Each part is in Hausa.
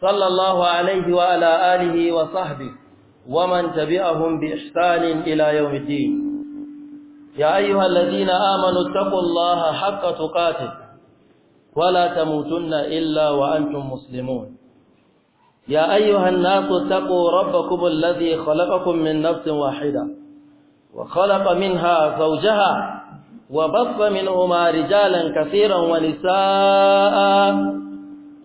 صلى الله عليه وعلى آله وصحبه ومن تبعهم بإحسان إلى يوم الدين يا أيها الذين آمنوا اتقوا الله حق تقاته ولا تموتن إلا وأنتم مسلمون يا أيها الناس اتقوا ربكم الذي خلقكم من نفس واحدة وخلق منها زوجها وبث منهما رجالا كثيرا ونساء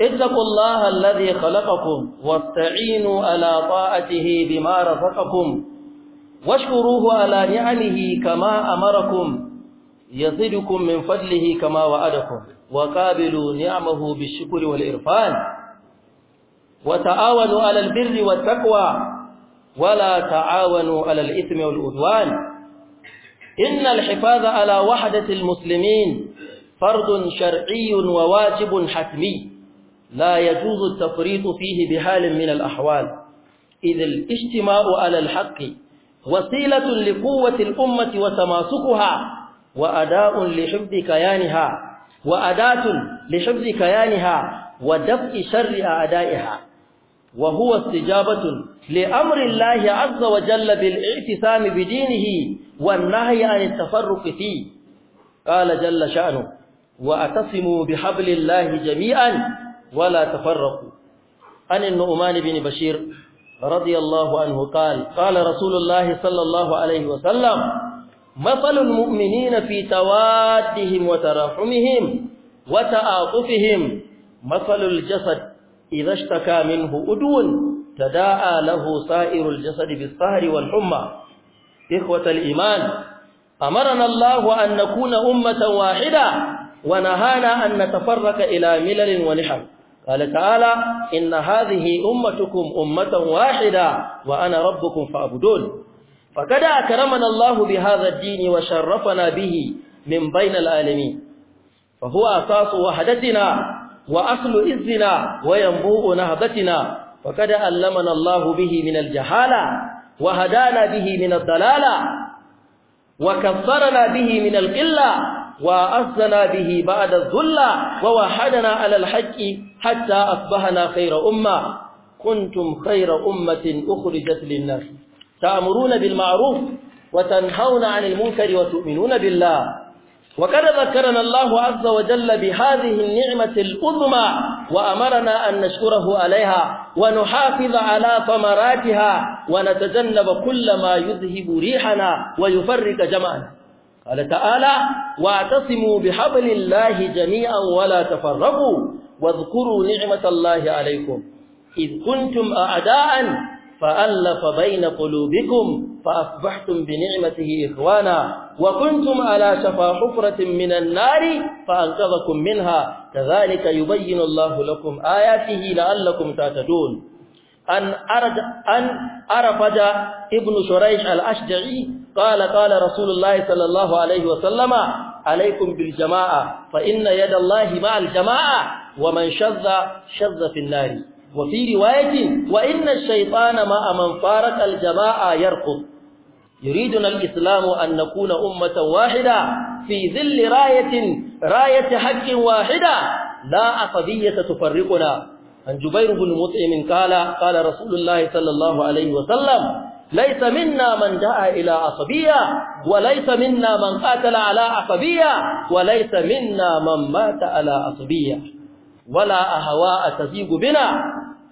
اتقوا الله الذي خلقكم واستعينوا على طاعته بما رزقكم واشكروه على نعمه كما أمركم يزدكم من فضله كما وعدكم وقابلوا نعمه بالشكر والإرفان وتعاونوا على البر والتقوى ولا تعاونوا على الإثم والعدوان إن الحفاظ على وحدة المسلمين فرض شرعي وواجب حتمي لا يجوز التفريط فيه بحال من الأحوال إذ الاجتماع على الحق وسيلة لقوة الأمة وتماسكها وأداء لحفظ كيانها وأداة لحفظ كيانها ودفع شر أعدائها وهو استجابة لأمر الله عز وجل بالاعتصام بدينه والنهي عن التفرق فيه قال جل شأنه وأتصموا بحبل الله جميعا ولا تفرقوا عن النعمان بن بشير رضي الله عنه قال قال رسول الله صلى الله عليه وسلم مثل المؤمنين في توادهم وتراحمهم وتعاطفهم مثل الجسد إذا اشتكى منه أدون تداعى له سائر الجسد بالسهر والحمى إخوة الإيمان أمرنا الله أن نكون أمة واحدة ونهانا أن نتفرق إلى ملل ونحن قال تعالى إن هذه أمتكم أمة واحدة وأنا ربكم فاعبدون فقد أكرمنا الله بهذا الدين وشرفنا به من بين العالمين فهو أساس وحدتنا وأصل إذنا وينبوء نهضتنا فقد علمنا الله به من الجهالة وهدانا به من الضلالة وكفرنا به من القلة وأسنا به بعد الذلة ووحدنا على الحق حتى أصبحنا خير أمة كنتم خير أمة أخرجت للناس تأمرون بالمعروف وتنهون عن المنكر وتؤمنون بالله وقد ذكرنا الله عز وجل بهذه النعمة الأظمى وأمرنا أن نشكره عليها ونحافظ على ثمراتها ونتجنب كل ما يذهب ريحنا ويفرق جمعنا قال تعالى واعتصموا بحبل الله جميعا ولا تفرقوا واذكروا نعمة الله عليكم إذ كنتم أعداء فألف بين قلوبكم فأصبحتم بنعمته إخوانا وكنتم على شفا حفرة من النار فأنقذكم منها كذلك يبين الله لكم آياته لعلكم تهتدون أن أرد أن ابن شريح الأشجعي qala qala rasulullahi sallallahu alaihi wasallama alaikum bil jama'a fa inna yadallahi ma'al jama'a wa man shadda shadda fil nar wa fi riwayatin wa inna ash-shaytana ma'a man jama'a yarqub يريدنا الإسلام أن نكون أمة واحدة في ظل راية راية حق واحدة لا أقضية تفرقنا عن جبير بن مطعم قال قال رسول الله صلى الله عليه وسلم ليس منا من دعا إلى عصبية وليس منا من قاتل على عصبية وليس منا من مات على عصبية ولا أهواء تزيغ بنا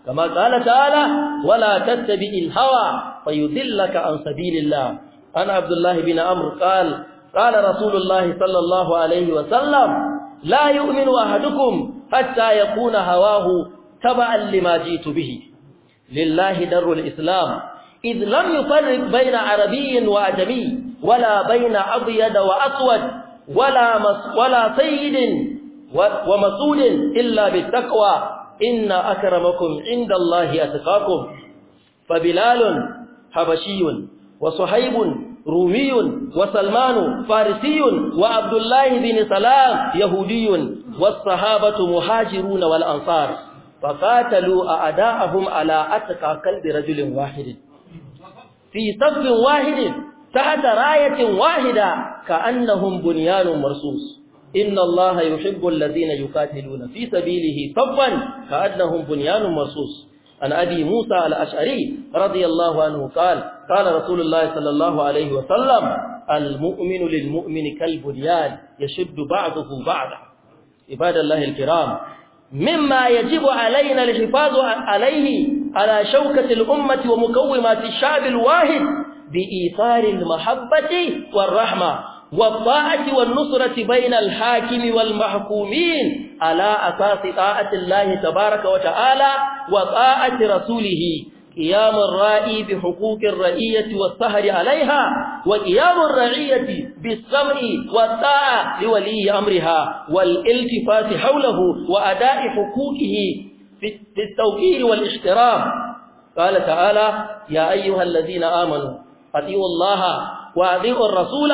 كما قال تعالى ولا تتبع الهوى فيضلك عن سبيل الله أنا عبد الله بن عمرو قال قال رسول الله صلى الله عليه وسلم لا يؤمن أحدكم حتى يكون هواه تبعا لما جئت به لله در الإسلام إذ لم يفرق بين عربي وأجمي ولا بين أبيض وأسود ولا مس ولا سيد ومسؤول إلا بالتقوى إن أكرمكم عند الله أتقاكم فبلال حبشي وصهيب رومي وسلمان فارسي وعبد الله بن سلام يهودي والصحابة مهاجرون والأنصار فقاتلوا أعداءهم على أتقى قلب رجل واحد في صف واحد تحت راية واحدة كأنهم بنيان مرصوص إن الله يحب الذين يقاتلون في سبيله صفا كأنهم بنيان مرصوص عن أبي موسى الأشعري رضي الله عنه قال قال رسول الله صلى الله عليه وسلم المؤمن للمؤمن كالبنيان يشد بعضه بعضا عباد الله الكرام مما يجب علينا الحفاظ عليه على شوكة الأمة ومكومات الشعب الواحد بإيثار المحبة والرحمة والطاعة والنصرة بين الحاكم والمحكومين على أساس طاعة الله تبارك وتعالى وطاعة رسوله قيام الرائي بحقوق الرعية والسهر عليها وقيام الرعية بالسمع والطاعة لولي أمرها والالتفات حوله وأداء حقوقه بالتوكيل والاحترام قال تعالى يا أيها الذين آمنوا أطيعوا الله وأطيعوا الرسول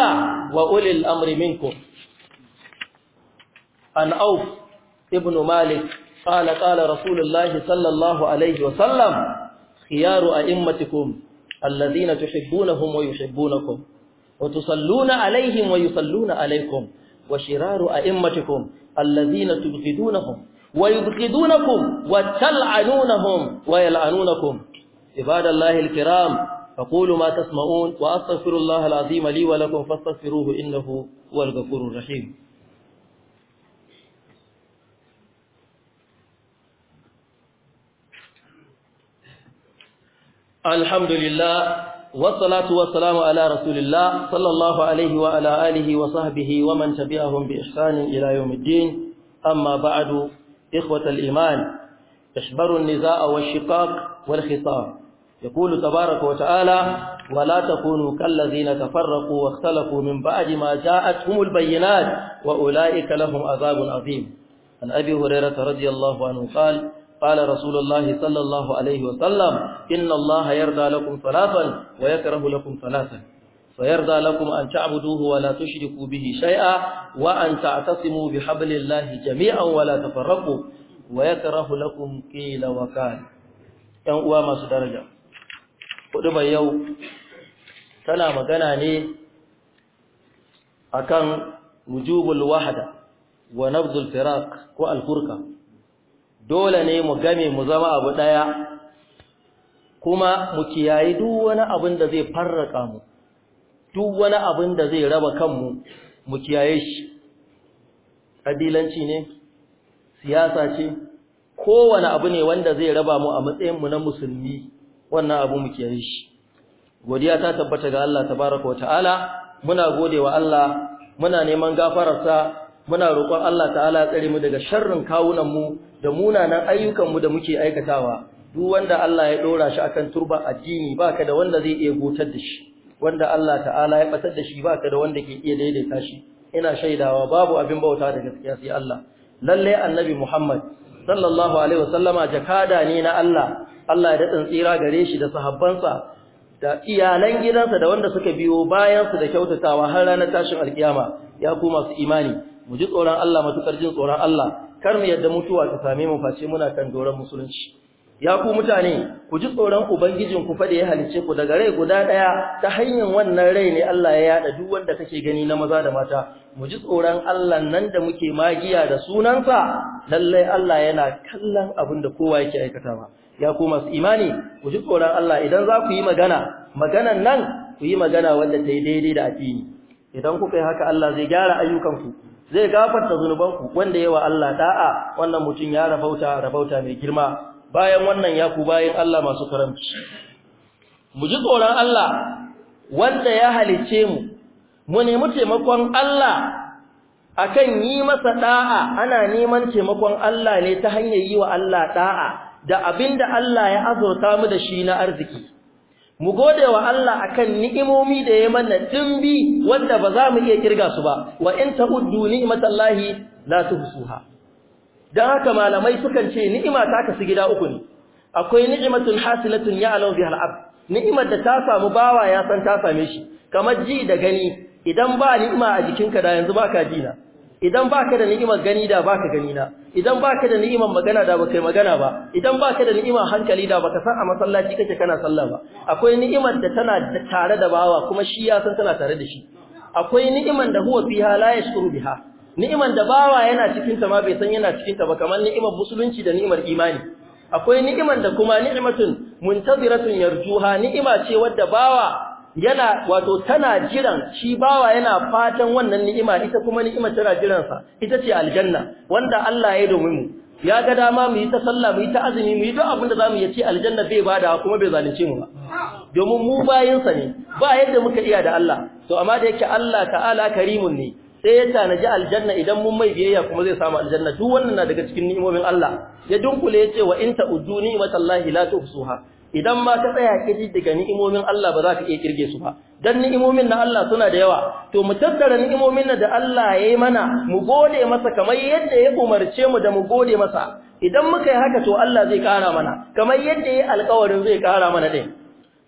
وأولي الأمر منكم عن أوف ابن مالك قال قال رسول الله صلى الله عليه وسلم خيار أئمتكم الذين تحبونهم ويحبونكم وتصلون عليهم ويصلون عليكم وشرار أئمتكم الذين تبغضونهم ويبغضونكم وتلعنونهم ويلعنونكم عباد الله الكرام فقولوا ما تسمعون وأستغفر الله العظيم لي ولكم فاستغفروه إنه هو الغفور الرحيم الحمد لله والصلاة والسلام على رسول الله صلى الله عليه وعلى آله وصحبه ومن تبعهم بإحسان إلى يوم الدين أما بعد إخوة الإيمان تشبر النزاء والشقاق والخصام يقول تبارك وتعالى ولا تكونوا كالذين تفرقوا واختلفوا من بعد ما جاءتهم البينات وأولئك لهم عذاب عظيم عن أبي هريرة رضي الله عنه قال قال رسول الله صلى الله عليه وسلم إن الله يرضى لكم ثلاثا ويكره لكم ثلاثا ويرضى لكم أن تعبدوه ولا تشركوا به شيئا وأن تعتصموا بحبل الله جميعا ولا تفرقوا ويكره لكم قيل وكان ‘yan uwa masu daraja kudu bai yau tana magana ne akan wujubul wahda wa nabdul firaq ko alfurka dole ne mu game mu zama abu daya kuma mu kiyayi duk wani abin da zai farraka mu duk wani abin da zai raba kanmu mu kiyaye shi ƙabilanci ne siyasa ce kowane abu ne wanda zai raba mu a matsayinmu na musulmi wannan abu mu kiyaye shi godiya ta tabbata ga Allah tabaraka wa ta'ala muna godewa Allah muna neman gafararsa muna roƙon Allah ta'ala ya tsare mu daga sharrin kawunan mu da munanan ayyukan mu da muke aikatawa duk wanda Allah ya ɗora shi akan turba addini baka da wanda zai iya gotar da shi wanda Allah ta'ala ya batar da shi baka da wanda ke iya daidaita shi ina shaidawa babu abin bauta da gaskiya sai Allah lalle annabi Muhammad sallallahu alaihi wasallama jakada ne na Allah Allah ya dadin tsira gare shi da sahabbansa da iyalan gidansa da wanda suka biyo bayan su da kyautatawa har ranar tashin alkiyama ya ku masu imani mu ji tsoron Allah matukar jin tsoron Allah kar mu yadda mutuwa ta same mu face muna kan doron musulunci ya ku mutane ku ji tsoron ubangijin ku fa ya halice ku daga rai guda daya ta hanyar wannan rai ne Allah ya yada duk wanda kake gani na maza da mata mu ji tsoron Allah nan da muke magiya da sunansa lalle Allah yana kallon abin da kowa yake aikatawa ya ku masu imani ku ji tsoron Allah idan za ku yi magana maganan nan ku yi magana wanda ta yi daidai da addini idan kuka yi haka Allah zai gyara ayyukanku zai gafarta zunubanku wanda yawa Allah da'a wannan mutum ya rabauta rabauta mai girma bayan wannan ya ku bayan Allah masu karanci mu ji tsoron Allah wanda ya halice mu mu nemi taimakon Allah akan yi masa ɗa'a, ana neman taimakon Allah ne ta hanyar yi wa Allah ɗa'a, da abinda Allah ya azurta mu da shi na arziki mu gode wa Allah akan ni'imomi da ya mana dimbi wanda ba za mu iya kirga su ba wa in ta'uddu ni'matallahi la tuhsuha dan haka malamai sukan ce ni'ima ta kasu gida uku ne akwai ni'matun hasilatun ya'lamu biha al'ab ni'imar da ta samu bawa ya san ta same shi kamar ji da gani idan ba ni'ima a jikinka da yanzu baka ji na idan baka da ni'imar gani da baka gani na idan baka da ni'imar magana da baka magana ba idan baka da ni'imar hankali da baka san a masallaci kake kana sallah ba akwai ni'imar da tana tare da bawa kuma shi ya san tana tare da shi akwai ni'imar da huwa fiha la yashkuru biha ni'imar da bawa yana cikin ta ma bai san yana cikin ta ba kamar ni'imar musulunci da ni'imar imani akwai ni'imar da kuma ni'matun muntaziratun yarjuha ni'ima ce wadda bawa yana wato tana jiran shi bawa yana fatan wannan ni'ima ita kuma ni'ima tana jiran sa ita ce aljanna wanda Allah ya yi domin mu ya ga dama mu yi ta sallah mu yi ta azumi mu yi duk abin da zamu yi ce aljanna zai bada kuma bai zalunce mu ba domin mu bayin sa ne ba yadda muka iya da Allah to amma da yake Allah ta'ala karimun ne sai ya tanaji aljanna idan mun mai biyayya kuma zai samu aljanna duk wannan na daga cikin ni'imomin Allah ya dunkule ya ce wa in ta'uddu ni'matallahi la tuhsuha idan ma ka tsaya kiji daga ni'imomin Allah ba za ka iya kirge su ba dan ni'imomin na Allah suna da yawa to mu tattara ni'imomin na da Allah yayi mana mu gode masa kamar yadda ya umarce mu da mu gode masa idan muka yi haka to Allah zai kara mana kamar yadda ya alƙawarin zai kara mana din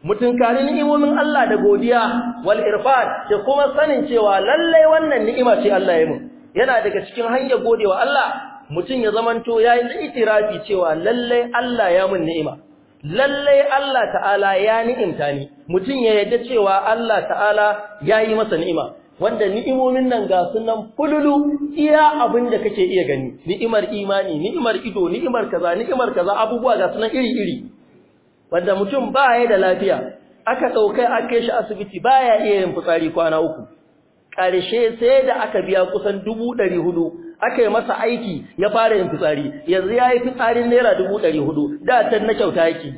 mutunkari ni'imomin Allah da godiya wal irfan ke kuma sanin cewa lallai wannan ni'ima ce Allah ya mu yana daga cikin hanyar godewa Allah mutum ya zamanto yayi itirafi cewa lallai Allah ya mun ni'ima lallai Allah ta'ala ya ni'imta ni mutum ya yarda cewa Allah ta'ala ya yi masa ni'ima wanda ni'imomin nan ga sunan fululu iya abinda kake iya gani ni'imar imani ni'imar ido ni'imar kaza ni'imar kaza abubuwa ga sunan iri iri wanda mutum ba ya da lafiya aka ɗaukai kai shi asibiti ba ya iya yin fitsari kwana uku ƙarshe sai da aka biya kusan dubu ɗari hudu aka yi masa aiki ya fara yin fitsari yanzu ya yi fitsarin naira dubu ɗari hudu da ta na kyauta yake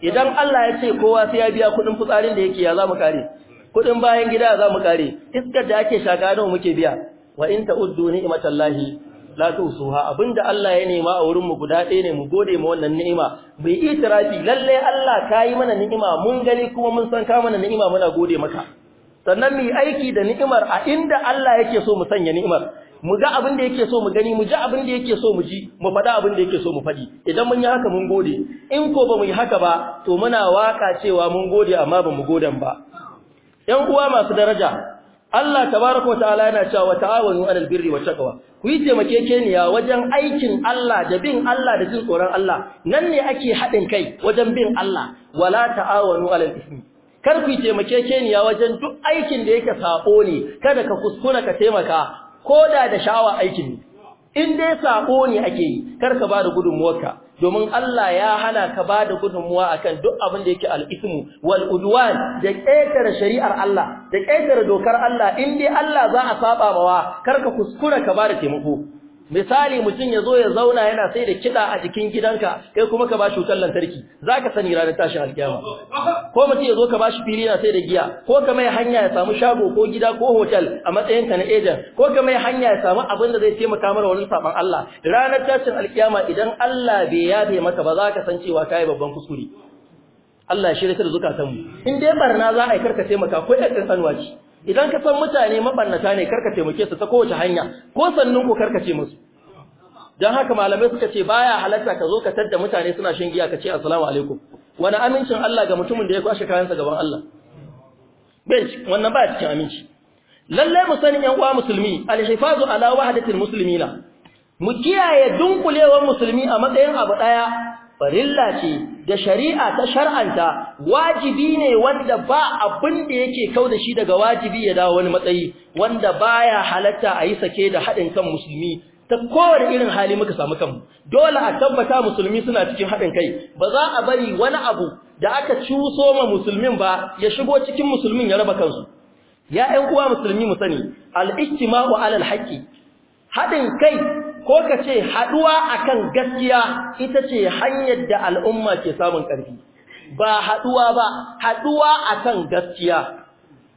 idan Allah ya ce kowa sai ya biya kuɗin fitsarin da yake ya za mu kare kuɗin bayan gida za mu kare iskar da ake shaka nawa muke biya wa in ta'uddu ni'matallahi la tusuha abinda Allah ya nema a wurin mu guda ɗaya ne mu gode ma wannan ni'ima mu itirafi lalle Allah ka yi mana ni'ima mun gani kuma mun san ka mana ni'ima muna gode maka sannan mu aiki da ni'imar a inda Allah yake so mu sanya ni'imar mu ga abin da yake so mu gani mu ji abin da yake so mu ji mu faɗa abin yake so mu faɗi idan mun yi haka mun gode in ko ba mu yi haka ba to muna waka cewa mun gode amma ba mu godan ba ƴan uwa masu daraja Allah tabaraka wa ta'ala yana cewa ta'awanu 'alal birri wa taqwa ku yi taimakekeniya wajen aikin Allah da bin Allah da jin tsoron Allah nan ne ake haɗin kai wajen bin Allah wala ta'awanu 'alal ismi kar ku yi taimakekeniya wajen duk aikin da yake sako ne kada ka kuskura ka taimaka koda da sha'awa aikin ne in dai sako ne ake yi kar ka bada gudunmuwarka domin Allah ya hana ka ba da gudunmuwa akan duk abin da yake al-ismu wal udwan da ƙetare shari'ar Allah da ƙetare dokar Allah in dai Allah za a saba mawa kar ka kuskura ka bada taimako misali mutum ya zo ya zauna yana sai da kiɗa a jikin gidanka kai kuma ka bashi wutar lantarki za ka sani ranar tashin alkiyama ko mutum ya zo ka bashi fili yana sai da giya ko ka mai hanya ya samu shago ko gida ko hotel a matsayinka na ejen ko ka mai hanya ya samu abin da zai taimaka mana wani saban Allah ranar tashin alkiyama idan Allah bai yafe maka ba za ka san cewa kai babban kuskure Allah ya shirya da zukatanmu in dai barna za a yi karka taimaka ko ɗan ƙanƙanuwa ce idan ka san mutane mabannata ne karka taimake su ta kowace hanya ko sannun ku karka ce musu dan haka malamai suka ce baya halatta ka zo ka tadda mutane suna shin giya ka ce assalamu alaikum wani amincin Allah ga mutumin da ya kwashe kayansa gaban Allah bench wannan ba cikin aminci lalle mu sani yan uwa musulmi alhifazu ala wahdatil muslimina mu kiyaye dunkulewar musulmi a matsayin abu daya farilla ce da shari'a ta shar'anta wajibi ne wanda ba abin da yake kau da shi daga wajibi ya dawo wani matsayi wanda baya halatta a yi sake da haɗin kan musulmi ta kowane irin hali muka samu kanmu dole a tabbata musulmi suna cikin haɗin kai ba za a bari wani abu da aka cuso ma musulmin ba ya shigo cikin musulmin ya raba kansu ya ƴan uwa musulmi mu sani al-ijtima'u 'ala al-haqqi haɗin kai ko ka ce haɗuwa akan gaskiya ita ce hanyar da al'umma ke samun ƙarfi ba haɗuwa ba haɗuwa akan gaskiya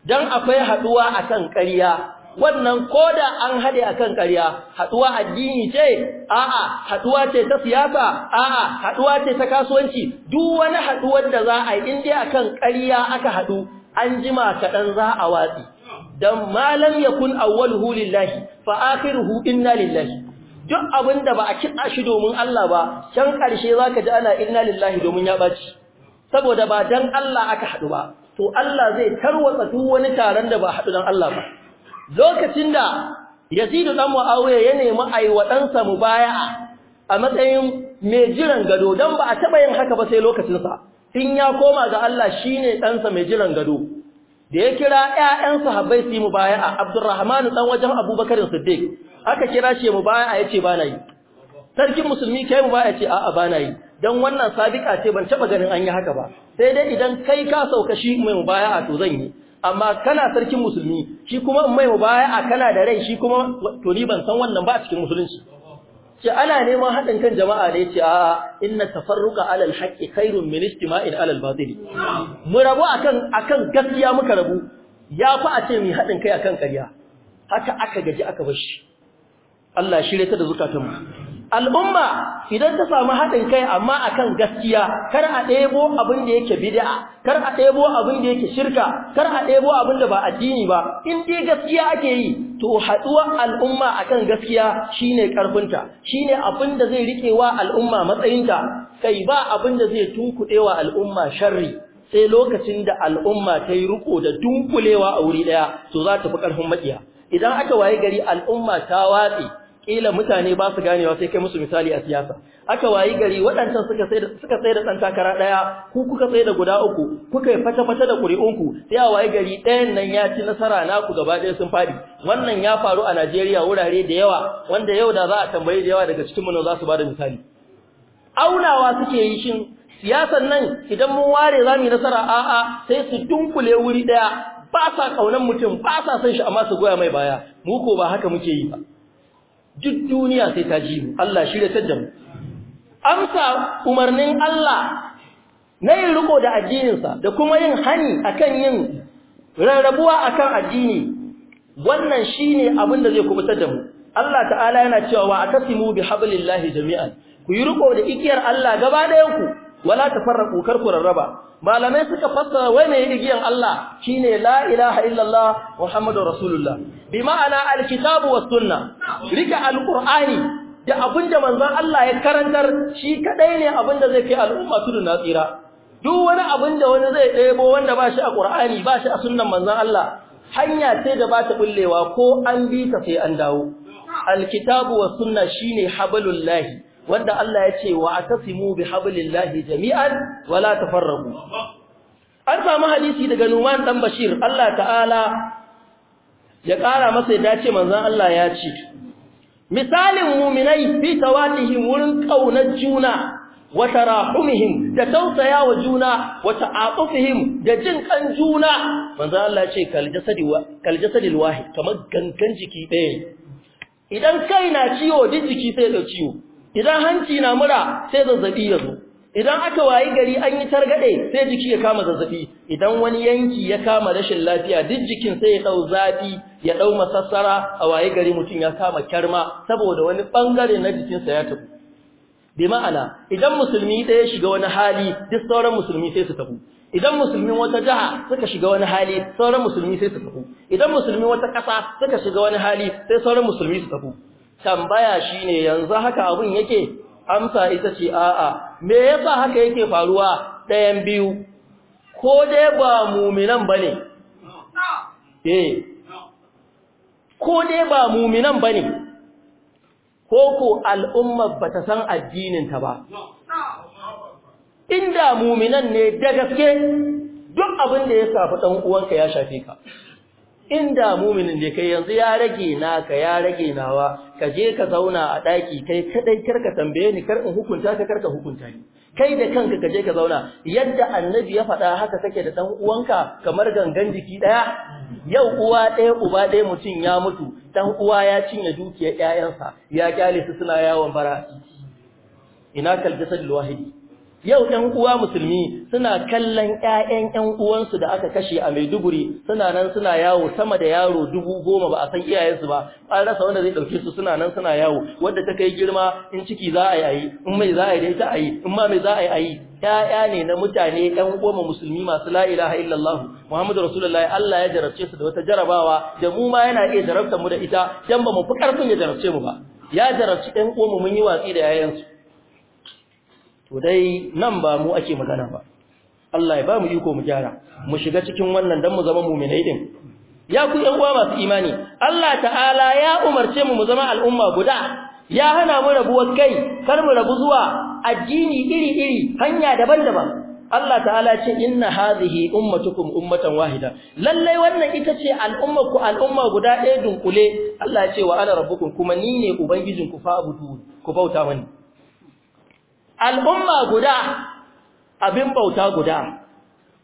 Don akwai haɗuwa akan ƙarya wannan ko da an haɗe akan ƙarya haɗuwa addini ce a'a haɗuwa ce ta siyasa a'a haɗuwa ce ta kasuwanci duk wani haɗuwar da za a yi in dai akan ƙarya aka haɗu an jima kaɗan za a watsi Don malam yakun awwal lillahi fa akhiruhu inna lillahi duk abin da ba a kitsa shi domin Allah ba can karshe zaka ji ana inna lillahi domin ya baci. saboda ba dan Allah aka haɗu ba to Allah zai tarwatsa duk wani taron da ba haɗu dan Allah ba lokacin da Yazidu dan Muawiya ya nemi mu mubaya a matsayin mai jiran gado dan ba a taɓa yin haka ba sai lokacin sa in ya koma ga Allah shine ɗansa mai jiran gado da ya kira ƴaƴan sahabbai su yi mubaya'a Abdurrahman dan wajen Abubakar Siddiq aka kira shi mu baya ya ce bana yi sarkin musulmi kai mu baya ce a'a bana yi dan wannan sadika ce ban taba ganin an yi haka ba sai dai idan kai ka sauka shi mai mu baya to zan yi amma kana sarkin musulmi shi kuma in mai mu baya kana da rai shi kuma to ni ban san wannan ba a cikin musulunci ce ana neman haɗin kan jama'a da yace ce a inna tafarruka alal haqqi khairun min istima'in alal batil mu rabu akan akan gaskiya muka rabu ya fa a ce mu haɗin kai akan ƙarya haka aka gaji aka bar shi Allah shirye ta da zukatanmu al'umma idan ta samu haɗin kai amma akan gaskiya kar a ɗebo abin da yake bid'a kar a ɗebo abin da yake shirka kar a ɗebo abin da ba addini ba in dai gaskiya ake yi to haɗuwa al'umma akan gaskiya shine karfinta shine abin da zai wa al'umma matsayinta kai ba abin da zai tunkuɗewa al'umma sharri sai lokacin da al'umma ta yi riko da dunkulewa a wuri ɗaya to za ta fi ƙarfin maƙiya idan aka waye gari al'umma ta watse kila mutane ba su ganewa sai kai musu misali a siyasa aka wayi gari waɗancan suka sai suka sai da ɗan takara daya ku kuka sai da guda uku kuka yi fata fata da ƙuri'unku sai a wayi gari ɗayan nan ya ci nasara na ku gaba ɗaya sun fadi wannan ya faru a Najeriya wurare da yawa wanda yau da za a tambayi da yawa daga cikin mu za su bada misali aunawa suke yi shin siyasan nan idan mun ware za yi nasara a'a sai su dunkule wuri daya ba sa kaunan mutum ba sa son shi amma su goya mai baya mu ko ba haka muke yi ba duk duniya sai ta ji mu Allah shirye ta jamu. amsa umarnin Allah na yin riko da addininsa da kuma yin hani akan yin rarrabuwa akan addini wannan shine abin da zai kubutar da mu Allah ta'ala yana cewa wa atasimu bihablillahi jami'an ku yi riko da ikiyar Allah gaba ɗayan ku wala tafarraqu kar rarraba malamai suka fassara wai mai igiyan Allah shine la ilaha illallah muhammadur rasulullah bi ma'ana alkitabu was sunna rika alqur'ani da abinda manzon Allah ya karantar shi kadai ne abinda zai kai al'umma tudu na tsira duk wani abinda wani zai ɗebo wanda ba shi a qur'ani ba shi a sunnan manzon Allah hanya sai da ba ta bullewa ko an bi ta sai an dawo alkitabu was sunna shine habalullahi. wanda Allah ya ce wa atasimu bihablillahi jami'an wala tafarraqu an samu hadisi daga Numan dan Bashir Allah ta'ala ya ƙara masa ya dace manzon Allah ya ce misalin mu'minai fi tawalihim wurin kaunar juna wa tarahumihim da tausaya wa juna wa ta'atufihim da jin kan juna manzon Allah ya ce kal jasadil wahid kamar gangan jiki ɗaya idan kai na ciwo duk jiki sai ya ciwo idan hanci na mura sai zazzabi ya zo idan aka wayi gari an yi targade sai jiki ya kama zazzabi idan wani yanki ya kama rashin lafiya duk jikin sai ya dau zafi ya dau masassara a wayi gari mutum ya kama kyarma saboda wani bangare na jikinsa ya tafi bi ma'ana idan musulmi ɗaya shiga wani hali duk sauran musulmi sai su tafi idan musulmi wata jaha suka shiga wani hali sauran musulmi sai su tafi idan musulmi wata ƙasa suka shiga wani hali sai sauran musulmi su tafi tambaya shi ne, yanzu haka abun yake amsa ita ce a'a me yasa haka yake faruwa ɗayan biyu ko dai ba mu'minan ba ne eh. ko dai ba mu'minan bane ko ko al'umma ta san addininta ba inda mu'minan ne da gaske duk abin da ya safi ɗan uwanka ya shafe ka inda muminin da kai yanzu ya rage naka ya rage nawa kaje ka zauna a daki kai kadai karka tambaye ni kar in hukunta ka karka hukunta ni kai da kanka kaje ka zauna yadda annabi ya faɗa haka kake da dan uwanka kamar gangan jiki daya yau uwa ɗaya uba ɗaya mutum ya mutu dan uwa ya cinye dukiyar 'ya'yansa, ya kyale su suna yawon bara ina kal jasad wahidi yau ɗan uwa musulmi suna kallon ƴaƴan ƴan uwansu da aka kashe a Maiduguri suna nan suna yawo sama da yaro dubu goma ba a san iyayensu ba an rasa wanda zai ɗauke su suna nan suna yawo wadda ta kai girma in ciki za a yi in mai za a yi da ita a yi in ma mai za a yi ƴaƴa ne na mutane ɗan goma musulmi masu la'ilaha ilaha illallah Muhammadu Rasulullah Allah ya jarabce su da wata jarabawa da mu ma yana iya jarabtar mu da ita dan ba mu fi ƙarfin ya jarabce mu ba ya jarabci uwa mu mun yi watsi da yayansu to dai nan ba mu ake magana ba Allah ya ba mu iko mu gyara mu shiga cikin wannan dan mu zama mu'minai din ya ku yan uwa masu imani Allah ta'ala ya umarce mu mu zama al'umma guda ya hana mu rabuwar kai kar mu rabu zuwa addini iri-iri hanya daban-daban Allah ta'ala ce inna hadhihi ummatukum ummatan wahida Lallai wannan ita ce al'ummarku al'umma guda ɗaya dunkule Allah ya ce wa ana rabbukum kuma ni ne ubangijinku fa abudu ku bauta mani al'umma guda abin bauta guda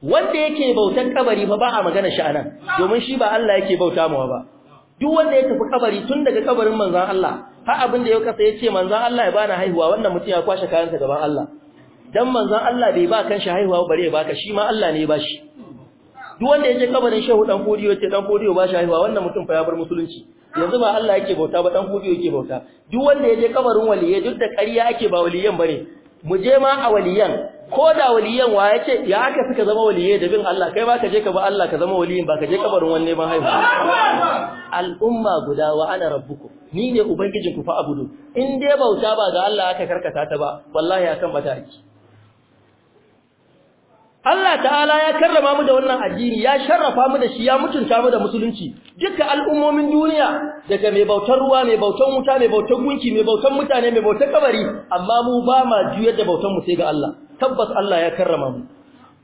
wanda yake bautan kabari ba a magana shi anan domin shi ba Allah yake bauta mawa ba duk wanda ya tafi kabari tun daga kabarin manzon Allah har abin da ya kasa yace manzon Allah ya bani haihuwa wannan mutum ya kwashe kayansa gaban Allah dan manzon Allah bai ba kan shi haihuwa bare ya baka shi ma Allah ne ya bashi duk wanda ya je kabarin shehu dan kodiyo yace dan kodiyo ba shi haihuwa wannan mutum fa ya bar musulunci yanzu ba Allah yake bauta ba dan kodiyo yake bauta duk wanda ya je kabarin waliyai duk da ƙarya ake ba waliyan bane mu je ma a waliyan ko da waliyan wa ya ce ya haka suka zama waliya da bin Allah kai ba ka je ka ba Allah ka zama waliyin ba ka je kabarin wani neman haihu al'umma guda wa ana rabbukum ni ne ubangijinku fa abudu in dai bauta ba ga Allah aka karkata ta ba wallahi akan mataki Allah ta'ala ya karrama mu da wannan addini ya sharrafa mu da shi ya mutunta mu da musulunci duka al'ummomin duniya daga mai bautar ruwa mai bautar wuta mai bautar gunki mai bautar mutane mai bautar kabari amma mu ba ma juyar da bautar mu sai ga Allah tabbas Allah ya karrama mu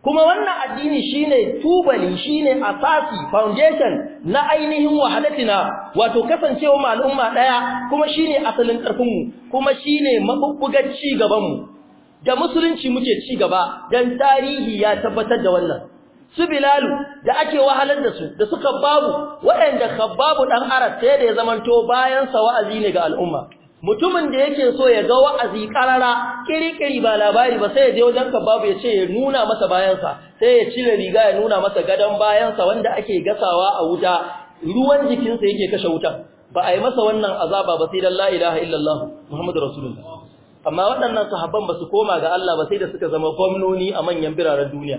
kuma wannan addini shine tubali shine asasi foundation na ainihin wahadatina wato kasancewa al'umma daya kuma shine asalin karfin mu kuma shine mabubbugar ci gaban mu da musulunci muke ci gaba dan tarihi ya tabbatar da wannan su bilalu da ake wahalar da su da suka babu waɗanda khabbabu dan arab sai da ya zamanto bayan sa wa'azi ne ga al'umma mutumin da yake so ya ga wa'azi karara kirkiri ba labari ba sai ya je wajen khabbabu ya ce ya nuna masa bayan sa sai ya cire riga ya nuna masa gadon bayan sa wanda ake gasawa a wuta ruwan jikinsa yake kashe wuta. ba a yi masa wannan azaba ba sai dan la ilaha illallah muhammadu rasulullah amma waɗannan sahabban ba su koma ga Allah ba sai da suka zama gwamnoni a manyan biranen duniya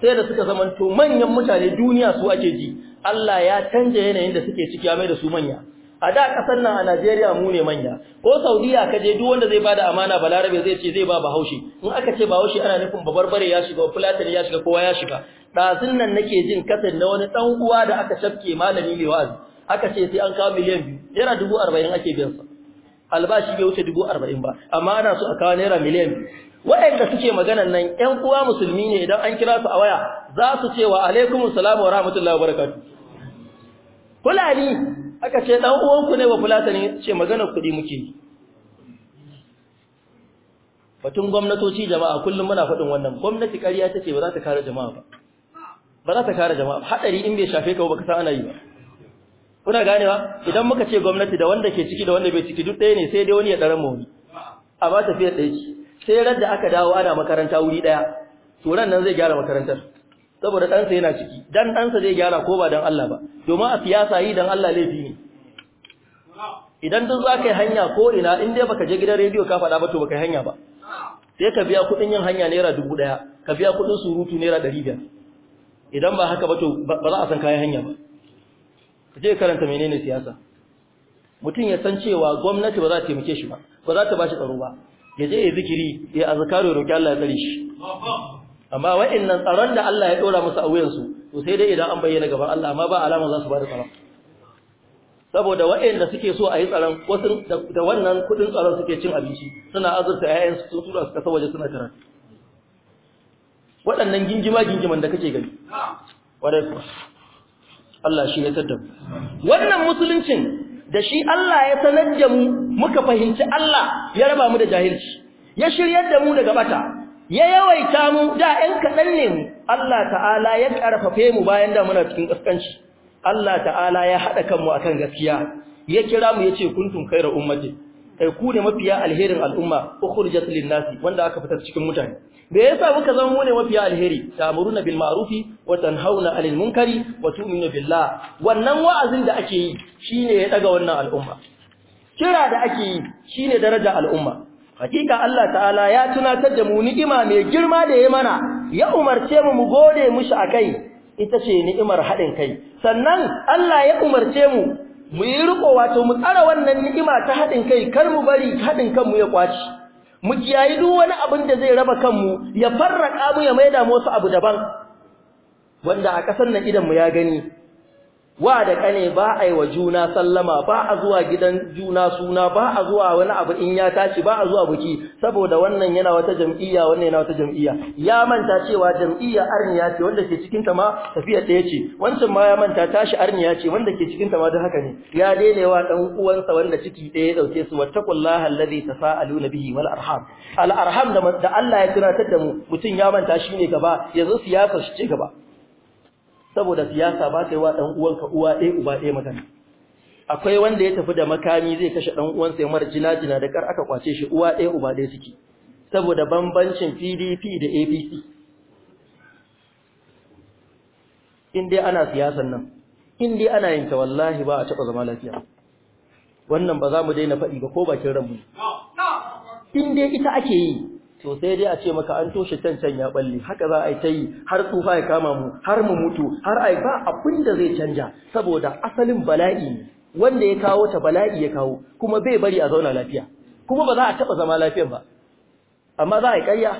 sai da suka zama to manyan mutane duniya su ake ji Allah ya canja yanayin da suke ciki ya mai da su manya a da ƙasar nan a Najeriya mu ne manya ko Saudiya ka je duk wanda zai bada amana Balarabe zai ce zai ba Bahaushe in aka ce Bahaushe ana nufin babarbare ya shiga Fulatani ya shiga kowa ya shiga ɗazun nan nake jin kasan na wani ɗan uwa da aka shafke malami mai wa'azi aka ce sai an kawo miliyan biyu Yana dubu arba'in ake biyan sa albashi bai wuce dubu arba'in ba amma ana so a kawo naira miliyan waɗanda suke maganan nan ƴan uwa musulmi ne idan an kira su a waya za su ce wa alaikumus salamu wa rahmatullahi wa barakatu fulani aka ce dan uwanku ne wa ne, ce maganar kuɗi muke yi batun gwamnatoci jama'a kullum muna faɗin wannan gwamnati ƙarya ce ba za ta kare jama'a ba ba za ta kare jama'a haɗari in bai shafe ka ba ka san ana yi ba kuna ganewa idan muka ce gwamnati da wanda ke ciki da wanda bai ciki duk ɗaya ne sai dai wani ya ɗara mawuni a ba tafiya ɗaya ce sai ran da aka dawo ana makaranta wuri ɗaya to ran nan zai gyara makarantar saboda ɗansa yana ciki dan ɗansa zai gyara ko ba dan Allah ba domin a siyasa yi dan Allah laifi ne idan duk za ka yi hanya ko ina in dai baka je gidan rediyo ka faɗa ba to baka yi hanya ba sai ka biya kuɗin yin hanya naira dubu ɗaya ka biya kuɗin surutu naira ɗari biyar idan ba haka ba to ba za a san kayan hanya ba ku je karanta menene siyasa mutum ya san cewa gwamnati ba za ta taimake shi ba ba za ta bashi tsaro ba ya je ya zikiri ya azkaru ya roki Allah ya tsare shi amma wa'annan tsaron da Allah ya dora musu a wuyansu to sai dai idan an bayyana gaban Allah amma ba alama za su bada tsaron saboda wa'anda suke so a yi tsaron wasu da wannan kudin tsaron suke cin abinci suna azurta ƴaƴan su tura su kasa waje suna karatu waɗannan gingima gingiman da kake gani alaikum Allah shi ya wannan musuluncin da shi Allah ya sanar da mu muka fahimci Allah ya raba mu da jahilci ya shiryar da mu daga bata ya yawaita mu da 'yan kaɗan ne mu Allah ta'ala ya ƙarfafe mu bayan da muna cikin ƙasƙanci Allah ta'ala ya haɗa kanmu a kan gaskiya ya kira mu ya ce kuntum khairu kai ku ne mafiya alherin al'umma ukhrijat lin nasi wanda aka fitar cikin mutane me yasa muka zama mu ne mafiya alheri ta'muruna bil ma'rufi wa tanhauna 'anil munkari wa tu'minu billah wannan wa'azin da ake yi shine ya daga wannan al'umma kira da ake yi shine daraja al'umma hakika Allah ta'ala ya tunatar da mu ni'ima mai girma da ya mana ya umarce mu mu gode mushi akai ita ce ni'imar haɗin kai sannan Allah ya umarce mu mu yi riko wato mu tsara wannan ni'ima ta haɗin kai kar mu bari haɗin kanmu ya kwaci mu kiyayi duk wani abin da zai raba kanmu ya farraka mu ya maida mu wasu abu daban wanda a ƙasar nan idan mu ya gani wa da kane ba a yi wa juna sallama ba a zuwa gidan juna suna ba a zuwa wani abu in ya tashi ba a zuwa buki saboda wannan yana wata jam'iyya wannan yana wata jam'iyya ya manta cewa jam'iyya arniya ce wanda ke cikin ta ma tafiya ɗaya ce wancan ma ya manta tashi arniya ce wanda ke cikin ta ma duk haka ne ya daina wa dan uwansa wanda ciki ɗaya ya dauke su wattaqullaha allazi tasaaluna bihi wal arham al arham da Allah ya tunatar da mu mutun ya manta shine gaba yanzu siyasa shi ce gaba saboda siyasa ba ta yi wa ɗan uwanka uwa ɗaya uba ɗaya magana akwai wanda ya tafi da makami zai kashe ɗan uwansa ya mara jina-jina da kar aka kwace shi uwa ɗaya uba ɗaya suke saboda bambancin pdp da apc in dai ana siyasan nan in dai ana yinta wallahi ba a taɓa zama lafiya wannan ba za mu daina faɗi ba ko bakin ranmu in dai ita ake yi to sai dai a ce maka an toshe can can ya balle haka za a yi ta yi har tsufa ya kama mu har mu mutu har a ba abin da zai canja saboda asalin bala'i ne wanda ya kawo ta bala'i ya kawo kuma bai bari a zauna lafiya kuma ba za a taɓa zama lafiyan ba amma za a yi ƙarya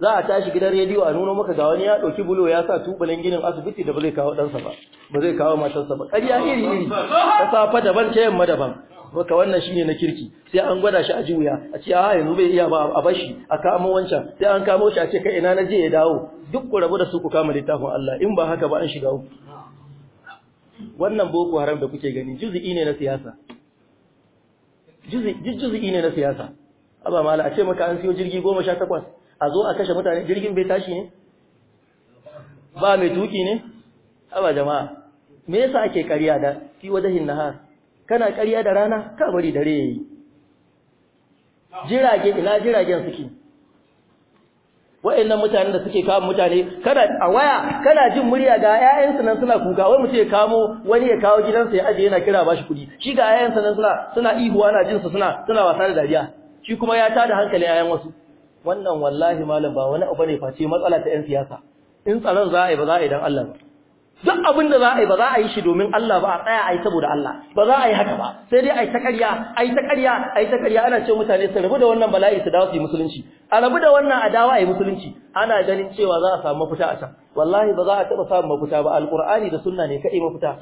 za a tashi gidan rediyo a nuno maka ga wani ya ɗauki bulo ya sa tubulin ginin asibiti da ba zai kawo ɗansa ba ba zai kawo matarsa ba ƙarya iri iri ta safa daban ta yamma daban maka wannan shine na kirki sai an gwada shi a juya a ce a yanzu bai iya ba a bashi a kamo wancan sai an kamo shi a ce kai ina na je ya dawo duk ku rabu da su ku kama littafin Allah in ba haka ba an shiga uku wannan boko haram da kuke gani juzu'i ne na siyasa juzu'i ne na siyasa aba mala a ce maka an siyo jirgi 18 a zo a kashe mutane jirgin bai tashi ne ba mai tuki ne aba jama'a me yasa ake kariya da fi wadahin nahar kana ƙarya da rana ka bari dare yayi jirage ina jiragen suke wa'annan mutanen da suke kawo mutane kana a waya kana jin murya ga ƴaƴansu nan suna kuka wai mutum ya kamo wani ya kawo gidansa ya ajiye yana kira bashi kuɗi shi ga ƴaƴansa nan suna suna na jinsu suna wasa da dariya shi kuma ya tada hankali 'ya'yan wasu wannan wallahi malam ba wani abu ne face matsala ta yan siyasa in tsaron za a yi ba za a yi dan Allah ba duk abin da za a yi ba za a yi shi domin Allah ba a tsaya a yi saboda Allah ba za a yi haka ba sai dai a yi ta ƙarya a yi ta ƙarya a yi ta ƙarya ana ce mutane su rabu da wannan bala'i su dawo su yi musulunci a rabu da wannan adawa a yi musulunci ana ganin cewa za a samu mafita a can wallahi ba za a taɓa samun mafita ba alƙur'ani da sunna ne kaɗai mafuta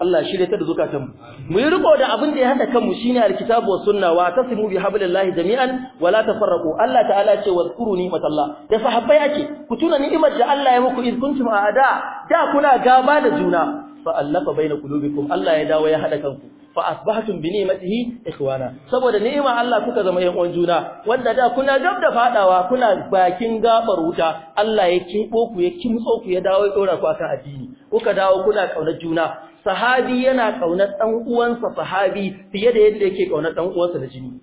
Allah shirye ta da zukatan mu yi riko da abin da ya hada kanmu shine alkitabu was sunna wa tasimu bi hablillahi jami'an wa la tafarraqu Allah ta'ala ce wazkuru ni'matallah da sahabbai ake ku tuna ni'imar da Allah ya muku iz aada da kuna gaba da juna fa allafa baina qulubikum Allah ya dawo ya hada kanku fa asbahtum bi ni'matihi ikhwana saboda ni'imar Allah kuka zama yan uwan juna wanda da kuna gab da fadawa kuna bakin gabar wuta Allah ya kibo ku ya kimtso ku ya dawo ya dora ku akan addini kuka dawo kuna kaunar juna sahabi yana kaunar dan uwansa sahabi fiye da yadda yake kaunar dan uwansa da jini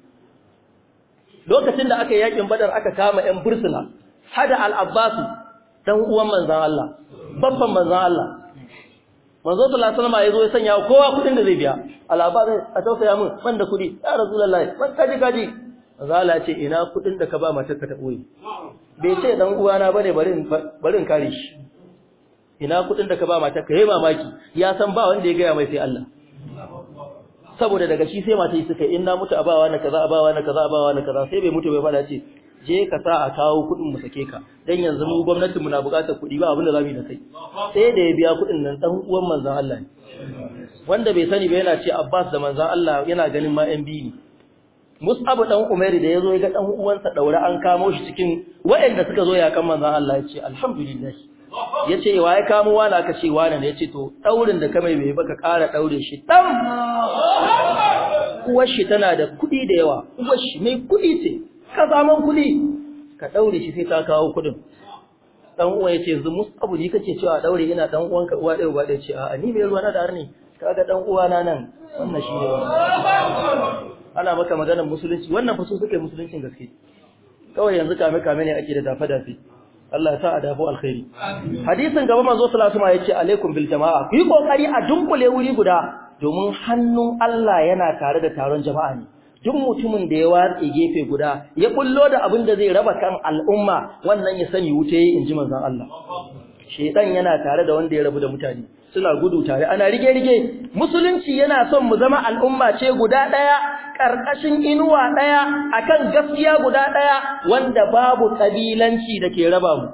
lokacin da aka yi yakin badar aka kama ɗan bursuna hada al-abbas dan uwan manzon Allah babban manzon Allah manzo sallallahu alaihi wasallam ya sanya kowa kudin da zai biya al-abbas a tausaya min man da kudi ya rasulullahi man kaji kaji zala ce ina kudin da ka ba ka ta boye bai ce dan uwana bane bari in kare shi ina kudin da ka ba mata ka yi mamaki ya san ba wanda ya gaya mai sai Allah saboda daga shi sai mata suka in na mutu a bawa na kaza a bawa na kaza a bawa na kaza sai bai mutu bai fada ce je ka sa a kawo kudin mu sake ka dan yanzu mu gwamnati mu na bukatar kudi ba abin da zamu yi da kai sai da ya biya kudin nan dan uwan manzon Allah ne wanda bai sani ba yana ce Abbas da manzon Allah yana ganin ma yan biyu ne Mus'ab dan Umar da yazo ya ga dan uwansa daure an kamo shi cikin waɗanda suka zo yakan manzon Allah ya ce alhamdulillah ya ce wa ya kamo wani aka ce wani ne ya ce to ɗaurin da kamai bai baka ƙara ɗaurin shi dan? uwar shi tana da kuɗi da yawa uwar shi mai kuɗi ce ka saman kuɗi ka daure shi sai ta kawo kuɗin ɗan uwa ya ce yanzu musabu ni kake cewa a ina dan ɗan uwanka uwa ɗaya uwa ɗaya ce a'a ni mai ruwa na da arni kaga ɗan uwa na nan wannan shi ne ana maka maganar musulunci wannan fa su musuluncin gaske kawai yanzu kame kame ne ake da dafe dafi Allah ya sa a dafo alkhairi hadisin gaba manzo sallallahu alaihi yace alaikum bil jama'a ku yi kokari a dunkule wuri guda domin hannun Allah yana tare da taron jama'a ne duk mutumin da ya watsi gefe guda ya kullo da abin da zai raba kan al'umma wannan ya sani wuce in ji manzon Allah shedan yana tare da wanda ya rabu da mutane suna gudu tare ana rige rige musulunci yana son mu zama al'umma ce guda ɗaya. ƙarƙashin inuwa ɗaya a kan gaskiya guda ɗaya wanda babu ƙabilanci da ke raba mu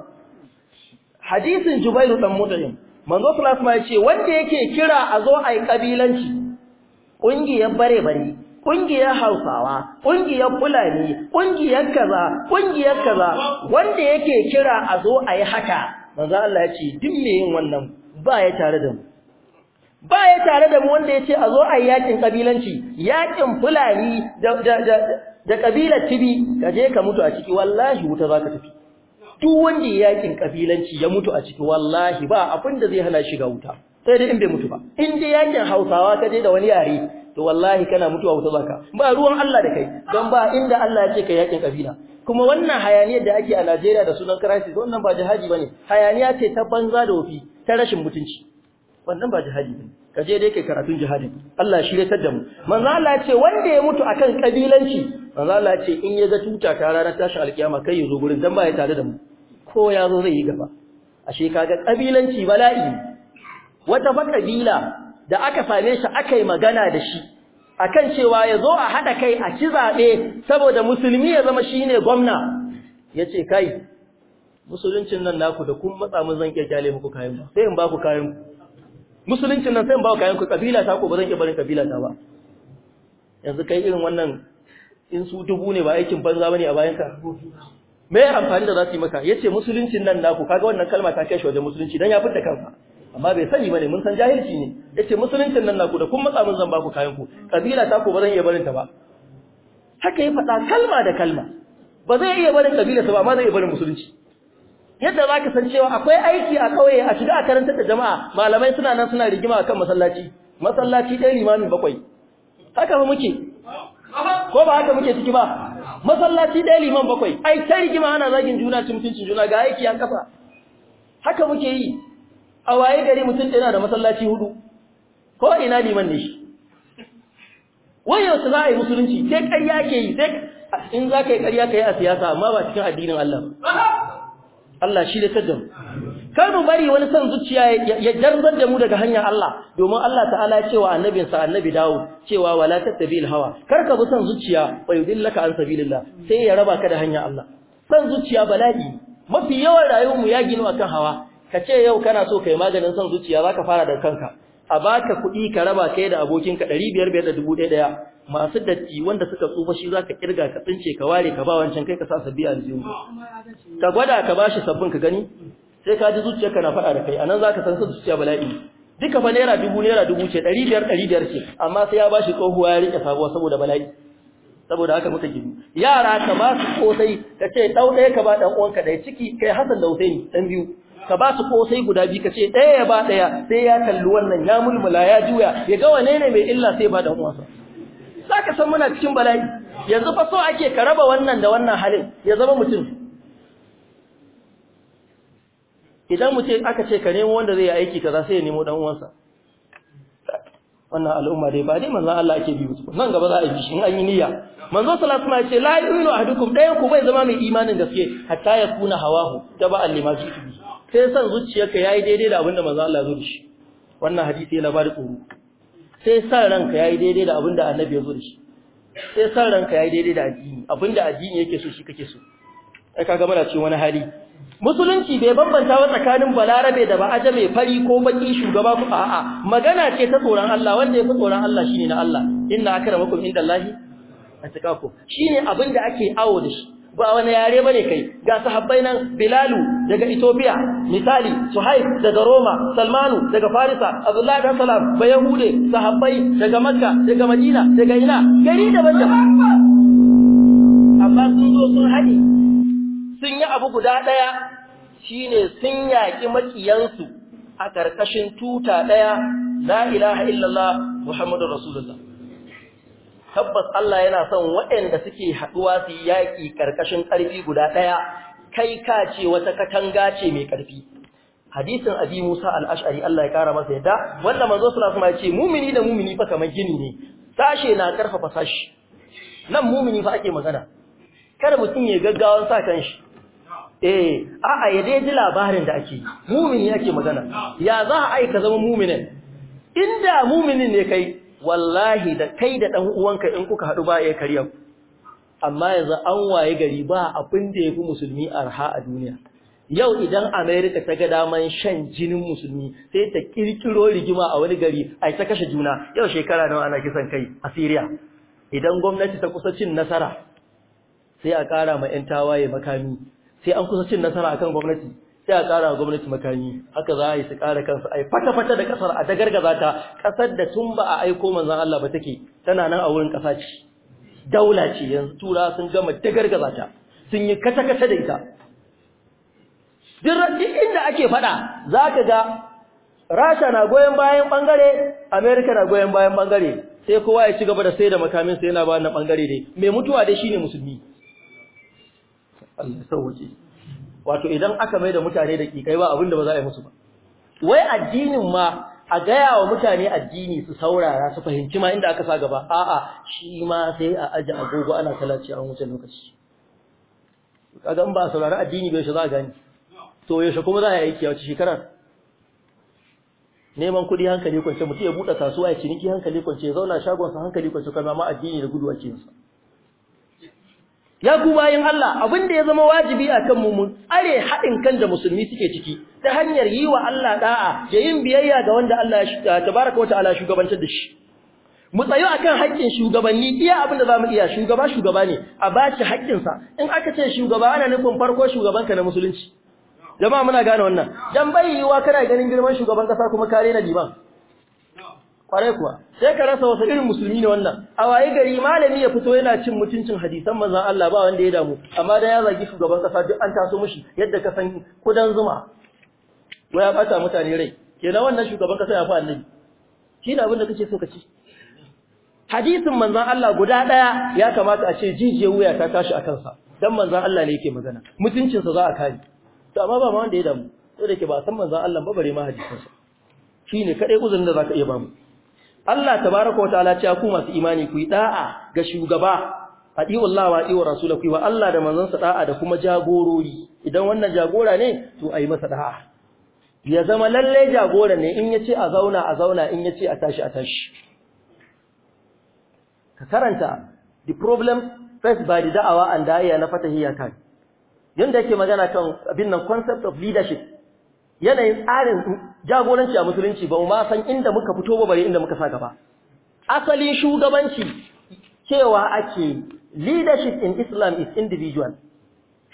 hadisin jubairu dan mut'im manzo sallallahu alaihi ce wanda yake kira a zo ai ƙabilanci ƙungiyar bare bare ƙungiyar hausawa ƙungiyar fulani ƙungiyar kaza ƙungiyar kaza wanda yake kira a zo a yi haka manzo Allah ya ce duk me yin wannan ba ya tare da mu ba ya tare da mu wanda ya ce a zo a yakin kabilanci yakin fulani da kabilar tibi ka je ka mutu a ciki wallahi wuta zaka tafi duk wanda ya yakin kabilanci ya mutu a ciki wallahi ba abin da zai hana shiga wuta sai dai in bai mutu ba in dai yakin Hausawa ka je da wani yare to wallahi kana mutuwa wuta ka ba ruwan Allah da kai don ba inda Allah ya ce ka yakin kabila kuma wannan hayaniyar da ake a Najeriya da sunan crisis wannan ba jihadi bane hayaniya ce ta banza da wofi ta rashin mutunci wannan ba jihadi ne ka je dai yake karatun jihadin Allah shi ya da mu manzo Allah ya ce wanda ya mutu akan kabilanci manzo Allah ya ce in ya ga tuta ta ranar tashin alkiyama kai ya gurin dan ba ya tare da mu ko ya zo zai yi gaba ashe kaga kabilanci bala'i wata ba kabila da aka same shi aka yi magana da shi akan cewa ya zo a hada kai a ci zabe saboda musulmi ya zama shine gwamna yace kai musuluncin nan naku da kun matsa mun zan kyale muku kayan ba sai in ba ku kayan ku musuluncin nan sai in bawa kayan ku kabila ta ko ba zan iya barin kabila ta ba yanzu kai irin wannan in su dubu ne ba aikin banza bane a bayan ka me amfani da za su yi maka yace musuluncin nan naku kaga wannan kalma ta kai shi wajen musulunci dan ya fitta kansa amma bai sani bane mun san jahilci ne yace musuluncin nan naku da kun matsa mun zan ba ku kayan ku kabila ta ko ba zan iya barin ta ba haka ya faɗa kalma da kalma ba zai iya barin kabila ta ba amma zai iya barin musulunci yadda za ka san cewa akwai aiki a ƙauye a shiga a karantar da jama'a malamai suna nan suna rigima akan masallaci masallaci ɗaya limamin bakwai haka fa muke ko ba haka muke ciki ba masallaci ɗaya liman bakwai ai sai rigima ana zagin juna cin juna ga aiki an kasa haka muke yi a waye gari mutum yana da masallaci hudu ko ina liman ne shi wayo su za a yi musulunci sai ƙarya ke yi sai in za ka yi ƙarya ka yi a siyasa amma ba cikin addinin Allah Allah shi da ta kar mu bari wani son zuciya ya jarbar da mu daga hanyar Allah domin Allah ta'ala ya cewa annabinsa annabi dawo cewa wala tattabil hawa kar ka bi son zuciya fa yudillaka an sabilillah sai ya raba ka da hanyar Allah san zuciya bala'i mafi yawan rayuwar mu ya gino akan hawa ka ce yau kana so kai maganin son zuciya zaka fara da kanka a baka kuɗi ka raba kai da abokinka 500 da 1000 masu datti wanda suka tsufa shi zaka kirga ka tsince ka ware ka ba wancan kai ka sa sabbi aljihu ka gwada ka bashi sabbin ka gani sai ka ji zuciyarka na fada da kai anan zaka san su zuciya bala'i duka fa naira dubu naira dubu ce ɗari biyar ɗari biyar ce amma sai ya bashi tsohuwa ya riƙe sabuwa saboda bala'i saboda haka muka gidi yara ka ba su kosai ka ce ɗau ɗaya ka ba ɗan uwanka ɗaya ciki kai Hassan da husaini ɗan biyu ka ba su kosai guda biyu ka ce ɗaya ba ɗaya sai ya kalli wannan ya mulmula ya juya ya ga wane ne mai illa sai ba dan uwansa zaka san muna cikin bala'i yanzu fa so ake ka raba wannan da wannan halin ya zama mutum idan mutum aka ce ka nemo wanda zai yi aiki kaza sai ya nemo dan uwansa wannan al'umma dai ba dai manzo Allah ake bi mutum nan gaba za a bi shi in an yi niyya Manzo sallallahu alaihi wasallam ya ce la yu'minu ahadukum dayan ku bai zama mai imanin gaske hatta ya kuna hawahu ba alima shi sai san zuciyarka yayi daidai da abinda manzo Allah ya zo da shi wannan hadisi yana ba da tsoro sai san ranka yayi daidai da abinda annabi ya zo da shi sai san ranka yayi daidai da addini abinda addini yake so shi kake so ai kaga muna cikin wani hali musulunci bai bambanta wa tsakanin balarabe da ba mai fari ko baki shugaba ko a'a magana ce ta tsoron Allah wanda ya fi tsoron Allah shine na Allah inna akramakum indallahi atqakum shine abinda ake awo da shi ba wani yare bane kai ga sahabbai nan bilalu daga ethiopia misali suhaib daga roma salmanu daga farisa abdullahi bin salam ba yahude sahabbai daga makka daga madina daga ina gari daban-daban amma sun zo sun haɗe sun yi abu guda ɗaya shine sun yaƙi makiyansu a ƙarƙashin tuta ɗaya la ilaha illallah muhammadur rasulullah tabbas Allah yana son waɗanda suke haɗuwa su yi yaƙi ƙarƙashin ƙarfi guda ɗaya kai ka ce wata katanga ce mai ƙarfi hadisin abi Musa al-Ash'ari Allah ya ƙara masa yadda wanda manzo suna suna ya ce mumini da mumini fa kamar gini ne sashe na ƙarfafa sashi nan mumini fa ake magana kada mutum ya gaggawan sa kan shi eh a'a ya dai ji labarin da ake mumini ake magana ya za a aika zama muminin inda muminin ne kai wallahi da kai da ɗan uwanka in kuka haɗu ba ya kariya amma yanzu an waye gari ba abin da yafi musulmi arha a duniya yau idan America ta ga daman shan jinin musulmi sai ta kirkiro rigima a wani gari a ta kashe juna yau shekara nawa ana kisan kai a Syria idan gwamnati ta kusa cin nasara sai a kara ma 'yan tawaye makami sai an kusa cin nasara akan gwamnati sai a ƙara gwamnati makami haka za a yi su ƙara kansu yi fata-fata da ƙasar a dagargaza ta ƙasar da tun ba a aiko manzan Allah ba take tana nan a wurin ƙasa ce daula ce yanzu tura sun gama dagargaza ta sun yi kata-kata da ita duk inda ake faɗa za ka ga rasha na goyon bayan ɓangare amerika na goyon bayan ɓangare sai kowa ya ci gaba da sai da sa yana ba na ɓangare ne mai mutuwa dai shine musulmi Allah wato idan aka mai da mutane da kikai ba abinda ba za a yi musu ba wai addinin ma a gaya wa mutane addini su saurara su fahimci ma inda aka sa gaba a'a shi ma sai a aji agogo ana talaci a wuce lokaci kaga in ba a saurari addini bai shi za a gani to yaushe kuma za a yi aiki a wace shekarar neman kuɗi hankali kwance mutum ya buɗe kasuwa ya ciniki hankali kwance ya zauna shagonsa hankali kwance kuma ma addini da gudu ake yinsa ya ku bayan Allah abin da ya zama wajibi a kan mu tsare haɗin kan da musulmi suke ciki ta hanyar yi wa Allah da'a da yin biyayya ga wanda Allah ya tabaraka wa ta'ala shugabantar da shi mu tsayo akan haƙƙin shugabanni iya abin da zamu iya shugaba shugaba ne a bashi sa in aka ce shugaba ana nufin farko shugabanka na musulunci jama'a muna gane wannan dan bai yiwa kana ganin girman shugaban kasa kuma kare na liman Kware kuwa sai ka rasa wasu irin musulmi ne wannan a waye gari malami ya fito yana cin mutuncin hadisan manzon Allah ba wanda ya damu amma da ya zagi shugaban kasa duk an taso mishi yadda ka san kudan zuma waya bata mutane rai kenan wannan shugaban kasa ya fa annabi shine abin da kake so ka ci hadisin manzon Allah guda daya ya kamata a ce jijiyar wuya ta tashi a kansa dan manzon Allah ne yake magana mutuncinsa za a kare to amma ba ma wanda ya damu sai da ke ba san manzon Allah ba bare ma hadisansa shine kadai uzurin da zaka iya bamu Allah tabaraka wa ta'ala ce ku masu imani ku yi da'a ga shugaba adi'ullah wa rasula rasul ku wa Allah da sa da'a da kuma jagorori idan wannan jagora ne to ayi masa da'a ya zama lalle jagora ne in yace a zauna a zauna in yace a tashi a tashi ka karanta the problem faced by the da'awa and da'iya na fatahiya kan yanda yake magana kan abin nan concept of leadership yanayin tsarin jagoranci a musulunci ba ma san inda muka fito ba bare inda muka sa gaba Asalin shugabanci cewa ake leadership in Islam is individual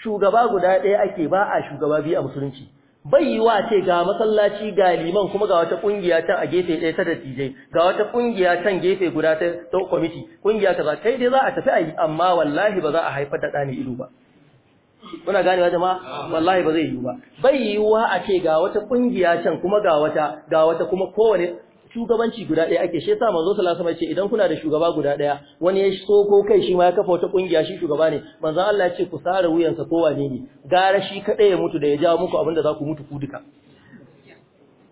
shugaba guda ɗaya ake ba a shugaba biyu a musulunci bai yi wa ce ga masallaci ga liman kuma ga wata kungiya can a gefe ɗaya ta dattijai ga wata kungiya can gefe guda ta kwamiti kungiya za kai dai za a tafi a yi amma wallahi ba za a haifar da ɗani ido ba kuna gane ganewa jama'a wallahi ba zai yiwu ba bai yiwuwa a ce ga wata ƙungiya can kuma ga wata ga wata kuma kowane shugabanci guda ɗaya ake shi yasa manzo sallallahu alaihi wasallam ce idan kuna da shugaba guda ɗaya wani ya so ko kai shi ma ya kafa wata kungiya shi shugaba ne manzo Allah ya ce ku sare wuyansa wane ne gara shi kada ya mutu da ya jawo muku abin da za ku mutu ku duka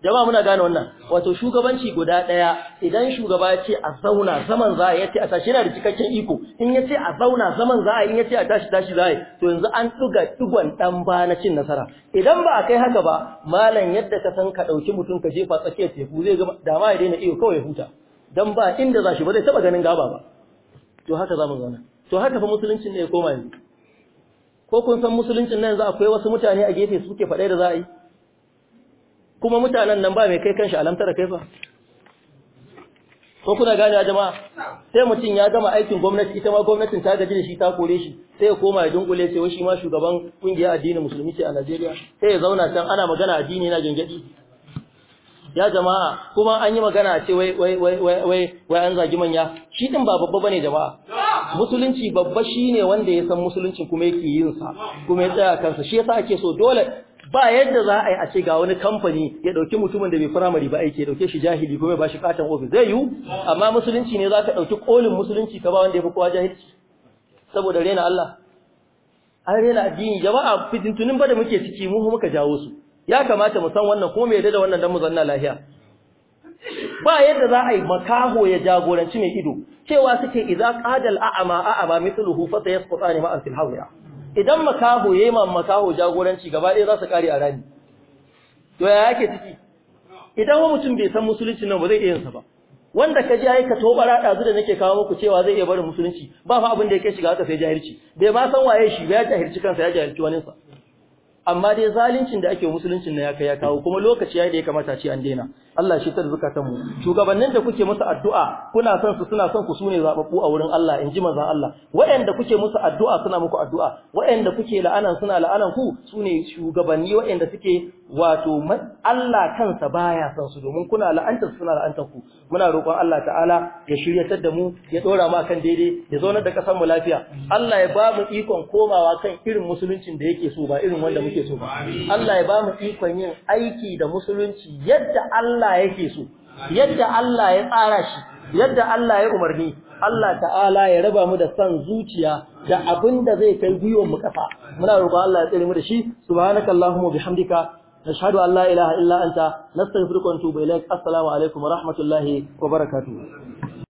jama'a muna gane wannan wato shugabanci guda daya idan shugaba ya ce a zauna zaman za a yace a tashi yana da cikakken iko in ya ce a zauna zaman za a in ya ce a tashi tashi za a to yanzu an ɗuga dugon dan ba na cin nasara idan ba a kai haka ba malam yadda ka san ka dauki mutum ka jefa tsakiyar teku zai gama dama ya daina iyo kawai ya huta dan ba inda za shi ba zai taba ganin gaba ba to haka zamu zauna to haka fa musuluncin ne ya koma yanzu ko kun san musuluncin nan yanzu akwai wasu mutane a gefe suke faɗai da za a yi kuma mutanen nan ba mai kai kanshi alamtara kai ba ko kuna gane a jama'a sai mutum ya gama aikin gwamnati ita ma gwamnatin ta gaji da shi ta kore shi sai ya koma ya dunkule sai wai shi ma shugaban kungiyar addinin musulmi ce a Najeriya sai ya zauna can ana magana addini na gangadi ya jama'a kuma an yi magana a ce wai wai wai wai wai an zagi manya shi din ba babba bane jama'a musulunci babba shine wanda ya san musulunci kuma yake yin sa kuma ya tsaya kansa shi yasa ake so dole ba yadda za a yi a ce ga wani kamfani ya dauki mutumin da bai firamare ba aiki ya dauke shi jahili kuma ba shi katan ofis zai yiwu amma musulunci ne zaka dauki kolin musulunci ka ba wanda ya fi kowa jahilci saboda rena Allah an rena addini jama'a fitintunin ba da muke ciki mu muka jawo su ya kamata mu san wannan ko me yadda da wannan dan mu zanna lafiya ba yadda za a yi makaho ya jagoranci mai ido cewa suke idza qadal a'ama a'ama mithluhu fa sayasqutani ani ma'a fil hawya idan makaho yayi ma makaho jagoranci gaba ɗaya za su kare a rani to ya yake ciki idan wani mutum bai san musulunci nan ba zai iya yinsa ba wanda ka ji yi to bara zu da nake kawo muku cewa zai iya barin musulunci ba fa abin da yake shiga haka sai jahilci bai ma san waye shi ba ya jahilci kansa ya jahilci wani sa amma dai zaluncin da ake musuluncin na ya kai ya kawo kuma lokaci yayi da ya kamata ce an daina Allah shi ta zukatan mu shugabannin da kuke musu addu'a kuna son su suna son ku sune zababbu a wurin Allah in ji manzon Allah waɗanda kuke musu addu'a suna muku addu'a wayanda kuke la'anan suna la'anan ku sune shugabanni wayanda suke wato Allah kansa baya son su domin kuna la'anta suna la'antar ku muna roƙon Allah ta'ala ya shiryatar da mu ya dora mu akan daidai ya zauna da kasar mu lafiya Allah ya ba mu ikon komawa kan irin musuluncin da yake so ba irin wanda muke so ba Allah ya ba mu ikon yin aiki da musulunci yadda Allah Allah yake so yadda Allah ya tsara shi yadda Allah ya umarni Allah ta'ala ya raba mu da san zuciya da abin da zai kai gwiwon mu kafa muna roƙon Allah ya tsare mu da shi subhanakallahumma bihamdika nashhadu an la ilaha illa anta nastaghfiruka wa natubu ilaik assalamu alaikum wa rahmatullahi wa barakatuh